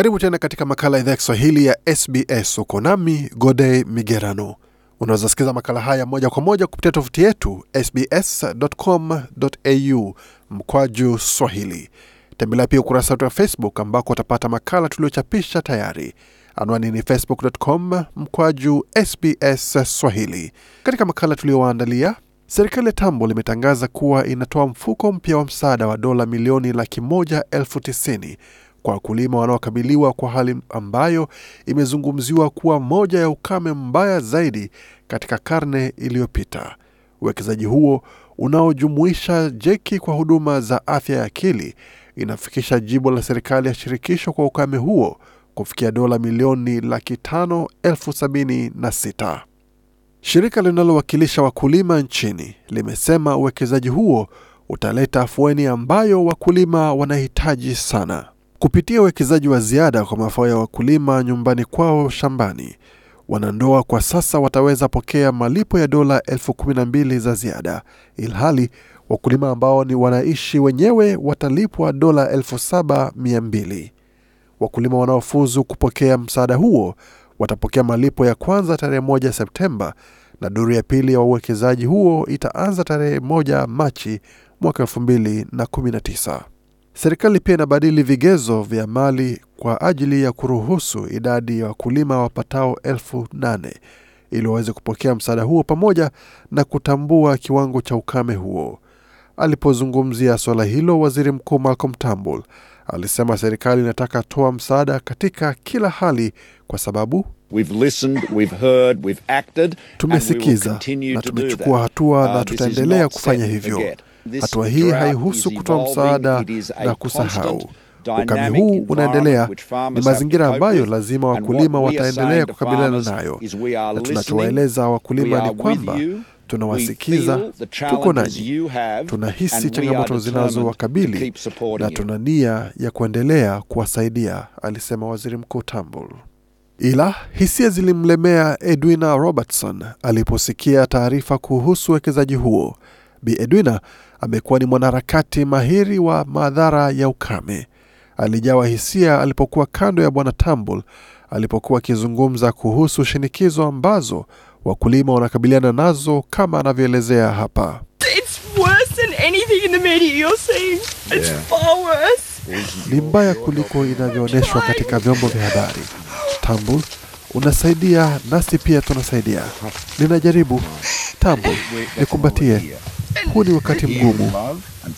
Karibu tena katika makala idhaa ya Kiswahili ya SBS. Uko nami Gode Migerano. Unaweza sikiza makala haya moja kwa moja kupitia tovuti yetu sbs.com.au mkwaju swahili. Tembelea pia ukurasa wetu wa Facebook ambako utapata makala tuliochapisha tayari. Anwani ni facebook.com mkwaju SBS swahili. Katika makala tuliyoandalia serikali ya tambo limetangaza kuwa inatoa mfuko mpya wa msaada wa dola milioni laki moja elfu tisini kwa wakulima wanaokabiliwa kwa hali ambayo imezungumziwa kuwa moja ya ukame mbaya zaidi katika karne iliyopita. Uwekezaji huo unaojumuisha jeki kwa huduma za afya ya akili inafikisha jibu la serikali ya shirikisho kwa ukame huo kufikia dola milioni laki tano elfu sabini na sita. Shirika linalowakilisha wakulima nchini limesema uwekezaji huo utaleta afueni ambayo wakulima wanahitaji sana. Kupitia uwekezaji wa ziada kwa mafao ya wakulima nyumbani kwao shambani, wanandoa kwa sasa wataweza pokea malipo ya dola elfu kumi na mbili za ziada, ilhali wakulima ambao ni wanaishi wenyewe watalipwa dola elfu saba mia mbili. Wakulima wanaofuzu kupokea msaada huo watapokea malipo ya kwanza tarehe moja Septemba na duru ya pili ya uwekezaji huo itaanza tarehe moja Machi mwaka elfu mbili na kumi na tisa. Serikali pia inabadili vigezo vya mali kwa ajili ya kuruhusu idadi ya wakulima wapatao elfu nane ili waweze kupokea msaada huo pamoja na kutambua kiwango cha ukame huo. Alipozungumzia suala hilo, waziri mkuu Malcolm Turnbull alisema serikali inataka toa msaada katika kila hali kwa sababu We've listened, we've heard, we've acted, tumesikiza na tumechukua hatua na uh, tutaendelea kufanya hivyo. Hatua hii haihusu kutoa msaada na kusahau. Ukame huu unaendelea, ni mazingira ambayo lazima wakulima wataendelea kukabiliana nayo, na tunachowaeleza wakulima ni kwamba tunawasikiza, tuko nanyi, tunahisi changamoto zinazowakabili na tuna nia ya kuendelea kuwasaidia, alisema Waziri Mkuu tambul Ila hisia zilimlemea Edwina Robertson aliposikia taarifa kuhusu uwekezaji huo. Bi Edwina amekuwa ni mwanaharakati mahiri wa madhara ya ukame. Alijawa hisia alipokuwa kando ya Bwana Tambul alipokuwa akizungumza kuhusu shinikizo ambazo wakulima wanakabiliana nazo, kama anavyoelezea hapa. Ni mbaya kuliko inavyoonyeshwa katika vyombo vya habari. Tambul, unasaidia nasi pia tunasaidia. Ninajaribu Tambwe, nikumbatie. Huu ni wakati mgumu,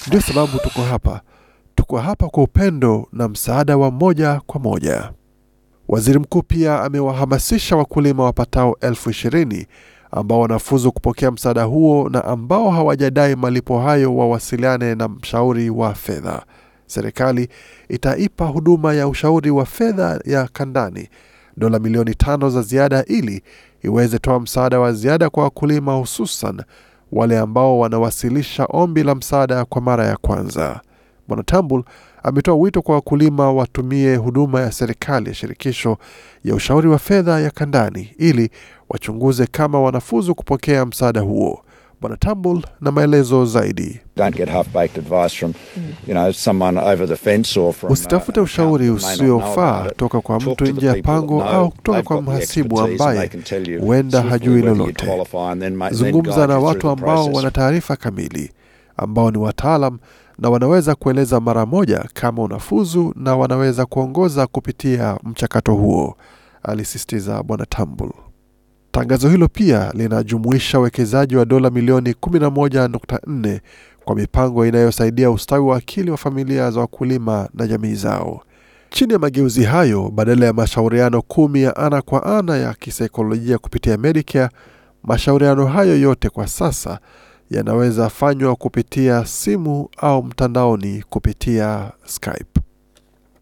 ndio sababu tuko hapa. Tuko hapa kwa upendo na msaada wa moja kwa moja. Waziri mkuu pia amewahamasisha wakulima wapatao elfu ishirini ambao wanafuzu kupokea msaada huo na ambao hawajadai malipo hayo wawasiliane na mshauri wa fedha. Serikali itaipa huduma ya ushauri wa fedha ya kandani dola milioni tano za ziada ili iweze toa msaada wa ziada kwa wakulima, hususan wale ambao wanawasilisha ombi la msaada kwa mara ya kwanza. Bwana Tambul ametoa wito kwa wakulima watumie huduma ya serikali ya shirikisho ya ushauri wa fedha ya kandani ili wachunguze kama wanafuzu kupokea msaada huo. Bwana Tambul na maelezo zaidi. Usitafute uh, ushauri usiofaa toka kwa mtu nje ya pango au kutoka kwa mhasibu ambaye huenda hajui lolote. Zungumza na watu ambao wana taarifa kamili, ambao ni wataalam na wanaweza kueleza mara moja kama unafuzu, na wanaweza kuongoza kupitia mchakato huo, alisisitiza Bwana Tambul. Tangazo hilo pia linajumuisha uwekezaji wa dola milioni 11.4 kwa mipango inayosaidia ustawi wa akili wa familia za wakulima na jamii zao. Chini ya mageuzi hayo, badala ya mashauriano kumi ya ana kwa ana ya kisaikolojia kupitia Medicare, mashauriano hayo yote kwa sasa yanaweza fanywa kupitia simu au mtandaoni kupitia Skype.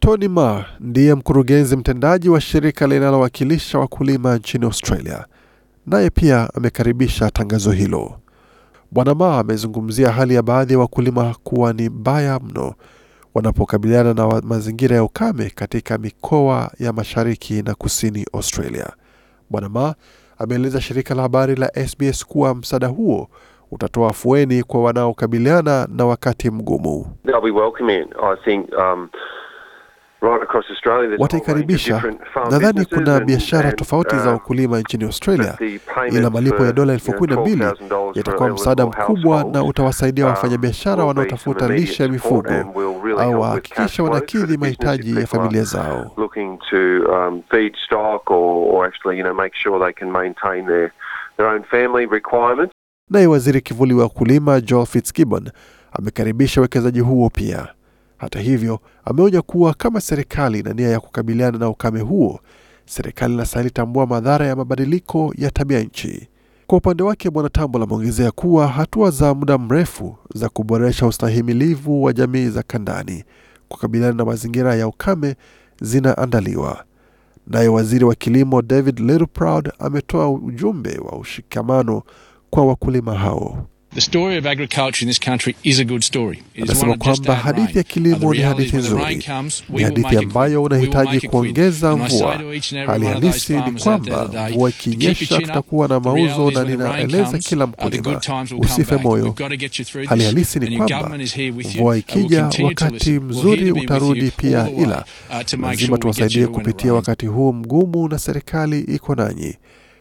Tony Ma ndiye mkurugenzi mtendaji wa shirika linalowakilisha wakulima nchini Australia naye pia amekaribisha tangazo hilo. Bwana Ma amezungumzia hali ya baadhi ya wa wakulima kuwa ni mbaya mno wanapokabiliana na mazingira ya ukame katika mikoa ya mashariki na kusini Australia. Bwana Ma ameeleza shirika la habari la SBS kuwa msaada huo utatoa afueni kwa wanaokabiliana na wakati mgumu wataikaribisha. Nadhani kuna biashara tofauti za uh, wakulima nchini Australia, ila malipo ya dola elfu kumi na mbili yatakuwa msaada mkubwa na utawasaidia wafanyabiashara wanaotafuta lishe ya mifugo au wahakikisha wanakidhi mahitaji ya familia zao. Naye waziri kivuli wa ukulima Joel Fitzgibbon amekaribisha uwekezaji huo pia. Hata hivyo, ameonya kuwa kama serikali ina nia ya kukabiliana na ukame huo, serikali inastahili tambua madhara ya mabadiliko ya tabia nchi. Kwa upande wake, Bwana Tambwe ameongezea kuwa hatua za muda mrefu za kuboresha ustahimilivu wa jamii za kandani kukabiliana na mazingira ya ukame zinaandaliwa. Naye waziri wa kilimo David Littleproud ametoa ujumbe wa ushikamano kwa wakulima hao. Anasema kwamba hadithi ya kilimo ni hadithi nzuri, ni hadithi ambayo unahitaji kuongeza mvua. Hali halisi ni kwamba mvua ikinyesha, tutakuwa na mauzo, na ninaeleza kila mkulima usife moyo. Hali halisi ni kwamba mvua ikija, wakati mzuri utarudi pia, ila uh, lazima tuwasaidie kupitia wakati huu mgumu, na serikali iko nanyi,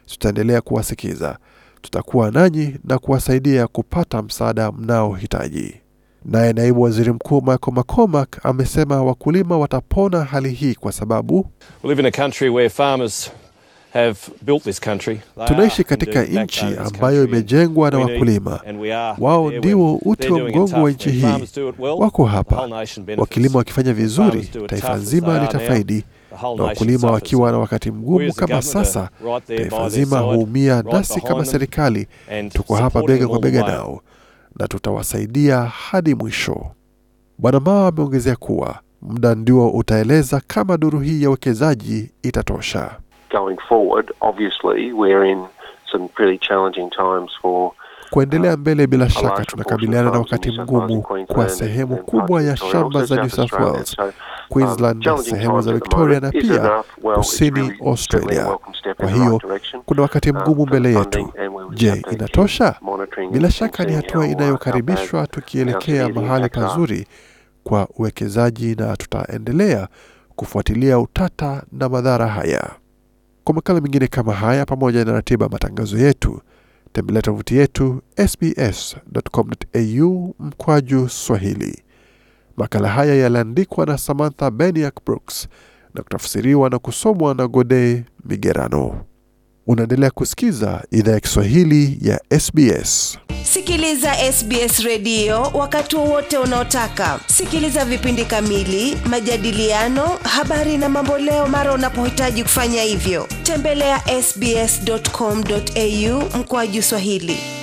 tutaendelea kuwasikiza tutakuwa nanyi na kuwasaidia kupata msaada mnaohitaji. Naye naibu waziri mkuu Michael McCormack amesema wakulima watapona hali hii kwa sababu tunaishi katika nchi ambayo imejengwa na wakulima. Wao ndio uti wa mgongo wa nchi hii. Wako hapa, wakilima wakifanya vizuri, taifa nzima litafaidi na wakulima wakiwa na wakati mgumu kama sasa, taifa zima huumia, nasi kama serikali tuko hapa bega kwa bega nao na tutawasaidia hadi mwisho. Bwana Mao ameongezea kuwa muda ndio utaeleza kama duru hii ya uwekezaji itatosha. Going forward, obviously we're in some challenging times for Kuendelea mbele, bila shaka tunakabiliana na wakati mgumu kwa sehemu kubwa ya shamba za New South Wales, um, Queensland na sehemu za Victoria na pia kusini Australia. Kwa hiyo kuna wakati um, mgumu mbele yetu. Je, inatosha? Bila shaka ni hatua uh, inayokaribishwa tukielekea mahali pazuri kwa uwekezaji, na tutaendelea kufuatilia utata na madhara haya. Kwa makala mengine kama haya, pamoja na ratiba matangazo yetu tembelea tovuti yetu sbs.com.au mkwaju Swahili. Makala haya yaliandikwa na Samantha Beniak Brooks na kutafsiriwa na kusomwa na Gode Migerano. Unaendelea kusikiza idhaa ya Kiswahili ya SBS. Sikiliza SBS redio wakati wowote unaotaka. Sikiliza vipindi kamili, majadiliano, habari na mamboleo mara unapohitaji kufanya hivyo. Tembelea ya sbs.com.au mkoaju Swahili.